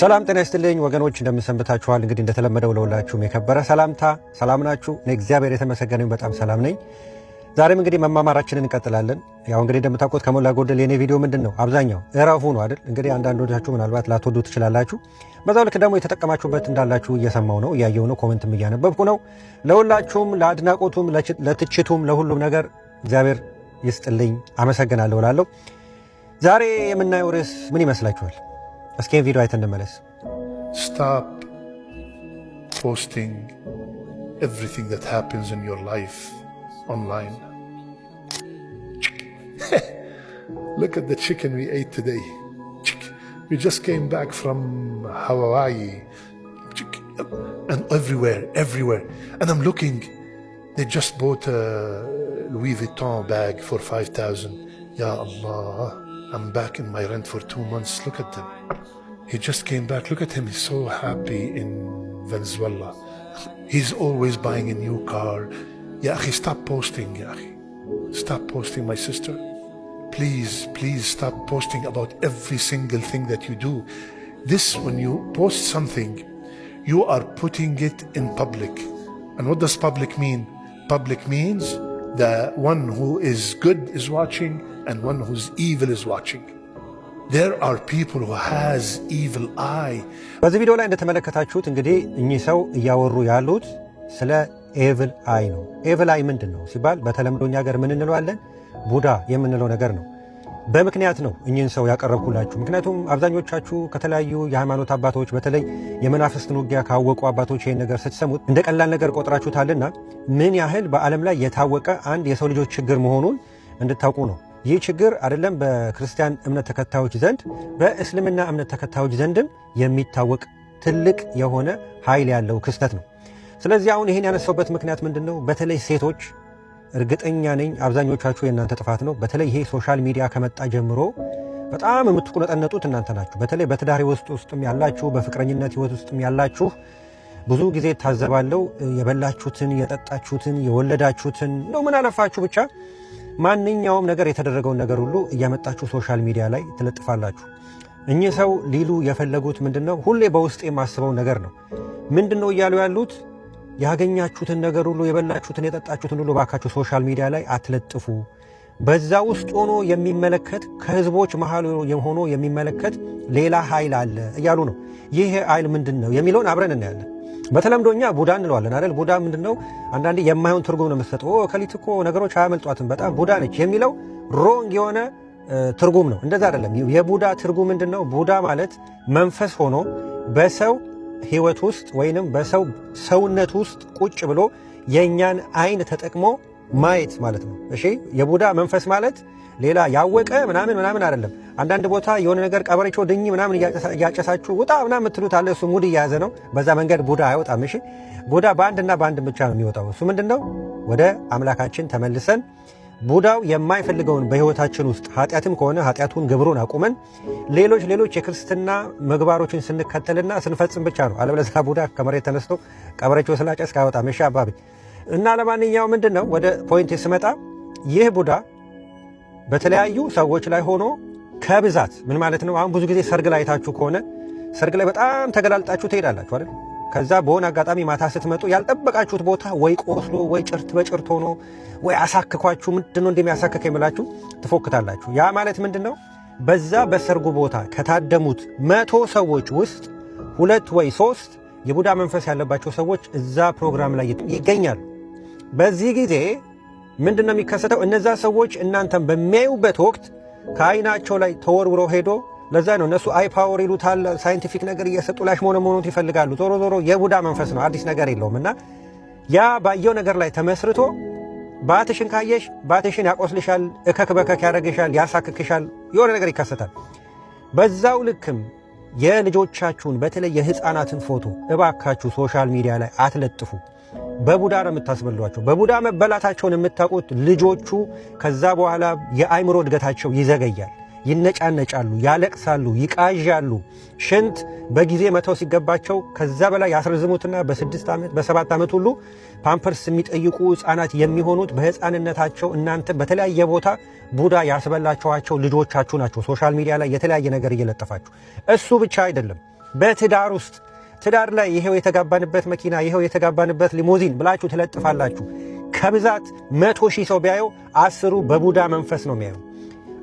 ሰላም ጤና ይስጥልኝ ወገኖች፣ እንደምንሰንብታችኋል። እንግዲህ እንደተለመደው ለሁላችሁም የከበረ ሰላምታ። ሰላም ናችሁ? እኔ እግዚአብሔር የተመሰገነ በጣም ሰላም ነኝ። ዛሬም እንግዲህ መማማራችንን እንቀጥላለን። ያው እንግዲህ እንደምታውቁት ከሞላ ጎደል የኔ ቪዲዮ ምንድን ነው አብዛኛው እረፉ ነው አይደል? እንግዲህ አንዳንዶቻችሁ ምናልባት ላትወዱ ትችላላችሁ። በዛው ልክ ደግሞ የተጠቀማችሁበት እንዳላችሁ እየሰማው ነው እያየው ነው ኮመንትም እያነበብኩ ነው። ለሁላችሁም ለአድናቆቱም፣ ለትችቱም፣ ለሁሉም ነገር እግዚአብሔር ይስጥልኝ አመሰግናለሁ እላለሁ። ዛሬ የምናየው ርዕስ ምን ይመስላችኋል? እስኪ ቪዲዮ አይተን እንመለስ። ስቶፕ ፖስቲንግ ኤቭሪቲንግ ዛት ሃፕንስ ኢን ዮር ላይፍ ኦንላይን ሉክ አት ዘ ቺክን ዊ ኤት ቱዴይ We just came back from Hawaii and everywhere, everywhere. And I'm looking, they just bought a Louis Vuitton bag for 5,000. Ya Allah. I'm back in my rent for two months. Look at them. He just came back. Look at him. He's so happy in Venezuela. He's always buying a new car. Ya he stop posting, ya Stop posting, my sister. Please, please stop posting about every single thing that you do. This, when you post something, you are putting it in public. And what does public mean? Public means the one who is good is watching, and one whose evil is watching. There are people who has evil eye. በዚህ ቪዲዮ ላይ እንደተመለከታችሁት እንግዲህ እኚህ ሰው እያወሩ ያሉት ስለ ኤቭል አይ ነው። ኤቭል አይ ምንድን ነው ሲባል በተለምዶ እኛ ሀገር ምን እንለዋለን? ቡዳ የምንለው ነገር ነው። በምክንያት ነው እኚህን ሰው ያቀረብኩላችሁ። ምክንያቱም አብዛኞቻችሁ ከተለያዩ የሃይማኖት አባቶች በተለይ የመናፍስትን ውጊያ ካወቁ አባቶች ይህን ነገር ስትሰሙት እንደ ቀላል ነገር ቆጥራችሁታልና ምን ያህል በዓለም ላይ የታወቀ አንድ የሰው ልጆች ችግር መሆኑን እንድታውቁ ነው። ይህ ችግር አይደለም በክርስቲያን እምነት ተከታዮች ዘንድ በእስልምና እምነት ተከታዮች ዘንድም የሚታወቅ ትልቅ የሆነ ኃይል ያለው ክስተት ነው። ስለዚህ አሁን ይህን ያነሳውበት ምክንያት ምንድን ነው? በተለይ ሴቶች እርግጠኛ ነኝ አብዛኞቻችሁ የእናንተ ጥፋት ነው። በተለይ ይሄ ሶሻል ሚዲያ ከመጣ ጀምሮ በጣም የምትቁነጠነጡት እናንተ ናችሁ። በተለይ በትዳር ውስጥ ውስጥም ያላችሁ፣ በፍቅረኝነት ህይወት ውስጥም ያላችሁ ብዙ ጊዜ ታዘባለው። የበላችሁትን፣ የጠጣችሁትን፣ የወለዳችሁትን ነው ምን አለፋችሁ ብቻ ማንኛውም ነገር የተደረገውን ነገር ሁሉ እያመጣችሁ ሶሻል ሚዲያ ላይ ትለጥፋላችሁ። እኚህ ሰው ሊሉ የፈለጉት ምንድን ነው? ሁሌ በውስጥ የማስበው ነገር ነው። ምንድን ነው እያሉ ያሉት? ያገኛችሁትን ነገር ሁሉ የበላችሁትን፣ የጠጣችሁትን ሁሉ ባካችሁ ሶሻል ሚዲያ ላይ አትለጥፉ። በዛ ውስጥ ሆኖ የሚመለከት ከህዝቦች መሀል ሆኖ የሚመለከት ሌላ ኃይል አለ እያሉ ነው። ይህ ኃይል ምንድን ነው የሚለውን አብረን እናያለን። በተለምዶ እኛ ቡዳ እንለዋለን አይደል? ቡዳ ምንድነው? አንዳንዴ የማይሆን ትርጉም ነው የምትሰጠው። ከሊት እኮ ነገሮች አያመልጧትም በጣም ቡዳ ነች የሚለው ሮንግ የሆነ ትርጉም ነው። እንደዛ አይደለም። የቡዳ ትርጉም ምንድነው? ቡዳ ማለት መንፈስ ሆኖ በሰው ህይወት ውስጥ ወይንም በሰው ሰውነት ውስጥ ቁጭ ብሎ የእኛን አይን ተጠቅሞ ማየት ማለት ነው። እሺ የቡዳ መንፈስ ማለት ሌላ ያወቀ ምናምን ምናምን አይደለም። አንዳንድ ቦታ የሆነ ነገር ቀበሬቾ ድኝ ምናምን እያጨሳችሁ ውጣ ምናምን የምትሉት አለ። እሱ ሙድ እየያዘ ነው። በዛ መንገድ ቡዳ አይወጣም። እሺ ቡዳ በአንድና በአንድ ብቻ ነው የሚወጣው። እሱ ምንድን ነው? ወደ አምላካችን ተመልሰን ቡዳው የማይፈልገውን በህይወታችን ውስጥ ኃጢአትም ከሆነ ኃጢአቱን ግብሩን አቁመን ሌሎች ሌሎች የክርስትና ምግባሮችን ስንከተልና ስንፈጽም ብቻ ነው። አለበለዚያ ቡዳ ከመሬት ተነስቶ ቀበሬቾ ስላጨስ ካይወጣም። እሺ አባቢ እና ለማንኛው ምንድን ነው ወደ ፖይንት ስመጣ ይህ ቡዳ በተለያዩ ሰዎች ላይ ሆኖ ከብዛት ምን ማለት ነው? አሁን ብዙ ጊዜ ሰርግ ላይ አይታችሁ ከሆነ ሰርግ ላይ በጣም ተገላልጣችሁ ትሄዳላችሁ አይደል? ከዛ በሆነ አጋጣሚ ማታ ስትመጡ ያልጠበቃችሁት ቦታ ወይ ቆስሎ ወይ ጭርት በጭርት ሆኖ ወይ አሳክኳችሁ ምንድን ነው እንደሚያሳክክ የምላችሁ ትፎክታላችሁ። ያ ማለት ምንድን ነው? በዛ በሰርጉ ቦታ ከታደሙት መቶ ሰዎች ውስጥ ሁለት ወይ ሶስት የቡዳ መንፈስ ያለባቸው ሰዎች እዛ ፕሮግራም ላይ ይገኛሉ። በዚህ ጊዜ ምንድን ነው የሚከሰተው? እነዛ ሰዎች እናንተን በሚያዩበት ወቅት ከአይናቸው ላይ ተወርውሮ ሄዶ ለዛ ነው እነሱ አይ ፓወር ይሉታል። ሳይንቲፊክ ነገር እየሰጡ ላሽ መሆነ መሆኑት ይፈልጋሉ። ዞሮ ዞሮ የቡዳ መንፈስ ነው፣ አዲስ ነገር የለውም። እና ያ ባየው ነገር ላይ ተመስርቶ ባትሽን ካየሽ ባትሽን ያቆስልሻል፣ እከክ በከክ ያደረግሻል፣ ያሳክክሻል፣ የሆነ ነገር ይከሰታል። በዛው ልክም የልጆቻችሁን በተለይ የህፃናትን ፎቶ እባካችሁ ሶሻል ሚዲያ ላይ አትለጥፉ። በቡዳ ነው የምታስበሏቸው። በቡዳ መበላታቸውን የምታውቁት ልጆቹ ከዛ በኋላ የአይምሮ እድገታቸው ይዘገያል። ይነጫነጫሉ፣ ያለቅሳሉ፣ ይቃዣሉ። ሽንት በጊዜ መተው ሲገባቸው ከዛ በላይ ያስረዝሙትና በስድስት ዓመት በሰባት ዓመት ሁሉ ፓምፐርስ የሚጠይቁ ሕፃናት የሚሆኑት በሕፃንነታቸው እናንተ በተለያየ ቦታ ቡዳ ያስበላችኋቸው ልጆቻችሁ ናቸው። ሶሻል ሚዲያ ላይ የተለያየ ነገር እየለጠፋችሁ። እሱ ብቻ አይደለም፣ በትዳር ውስጥ ትዳር ላይ ይሄው የተጋባንበት መኪና፣ ይሄው የተጋባንበት ሊሞዚን ብላችሁ ትለጥፋላችሁ። ከብዛት መቶ ሺህ ሰው ቢያየው አስሩ በቡዳ መንፈስ ነው የሚያየው።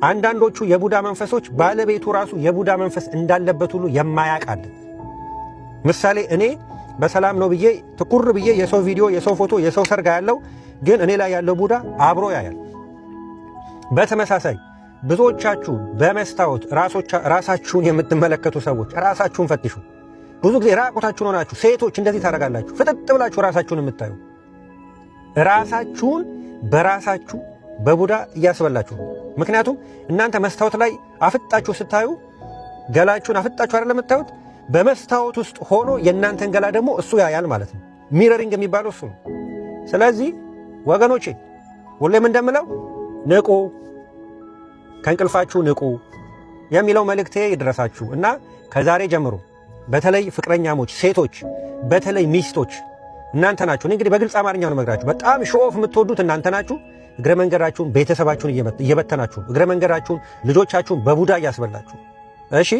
አንዳንዶቹ የቡዳ መንፈሶች ባለቤቱ ራሱ የቡዳ መንፈስ እንዳለበት ሁሉ የማያውቃል። ምሳሌ እኔ በሰላም ነው ብዬ ትኩር ብዬ የሰው ቪዲዮ፣ የሰው ፎቶ፣ የሰው ሰርጋ ያለው ግን እኔ ላይ ያለው ቡዳ አብሮ ያያል። በተመሳሳይ ብዙዎቻችሁ በመስታወት ራሳችሁን የምትመለከቱ ሰዎች ራሳችሁን ፈትሹ። ብዙ ጊዜ ራቆታችሁን ሆናችሁ ሴቶች እንደዚህ ታደርጋላችሁ። ፍጥጥ ብላችሁ ራሳችሁን የምታዩ ራሳችሁን በራሳችሁ በቡዳ እያስበላችሁ ነው። ምክንያቱም እናንተ መስታወት ላይ አፍጣችሁ ስታዩ ገላችሁን አፍጣችሁ አይደለም የምታዩት፣ በመስታወት ውስጥ ሆኖ የእናንተን ገላ ደግሞ እሱ ያያል ማለት ነው። ሚረሪንግ የሚባለው እሱ ነው። ስለዚህ ወገኖቼ ሁሌም እንደምለው ንቁ፣ ከእንቅልፋችሁ ንቁ የሚለው መልእክቴ ይድረሳችሁ እና ከዛሬ ጀምሮ በተለይ ፍቅረኛሞች ሴቶች፣ በተለይ ሚስቶች እናንተ ናችሁ። እንግዲህ በግልጽ አማርኛ ነው መግራችሁ። በጣም ሾኦፍ የምትወዱት እናንተ ናችሁ። እግረ መንገዳችሁን ቤተሰባችሁን እየበተናችሁ፣ እግረ መንገዳችሁን ልጆቻችሁን በቡዳ እያስበላችሁ። እሺ፣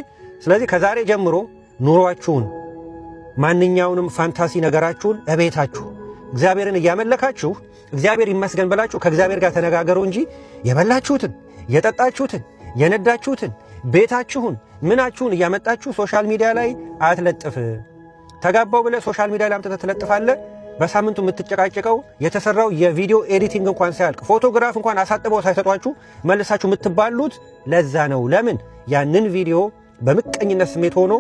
ስለዚህ ከዛሬ ጀምሮ ኑሯችሁን፣ ማንኛውንም ፋንታሲ ነገራችሁን እቤታችሁ እግዚአብሔርን እያመለካችሁ እግዚአብሔር ይመስገን ብላችሁ ከእግዚአብሔር ጋር ተነጋገሩ እንጂ የበላችሁትን፣ የጠጣችሁትን፣ የነዳችሁትን ቤታችሁን ምናችሁን እያመጣችሁ ሶሻል ሚዲያ ላይ አትለጥፍ። ተጋባው ብለህ ሶሻል ሚዲያ ላይ አምጥተህ ትለጥፋለህ። በሳምንቱ የምትጨቃጨቀው የተሰራው የቪዲዮ ኤዲቲንግ እንኳን ሳያልቅ ፎቶግራፍ እንኳን አሳጥበው ሳይሰጧችሁ መልሳችሁ የምትባሉት ለዛ ነው። ለምን ያንን ቪዲዮ በምቀኝነት ስሜት ሆኖ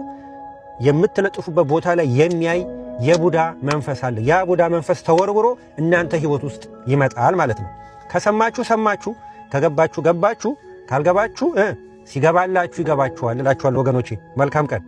የምትለጥፉበት ቦታ ላይ የሚያይ የቡዳ መንፈስ አለ። ያ ቡዳ መንፈስ ተወርውሮ እናንተ ህይወት ውስጥ ይመጣል ማለት ነው። ከሰማችሁ ሰማችሁ፣ ከገባችሁ ገባችሁ፣ ካልገባችሁ ሲገባላችሁ ይገባችኋል እላችኋል ወገኖቼ። መልካም ቀን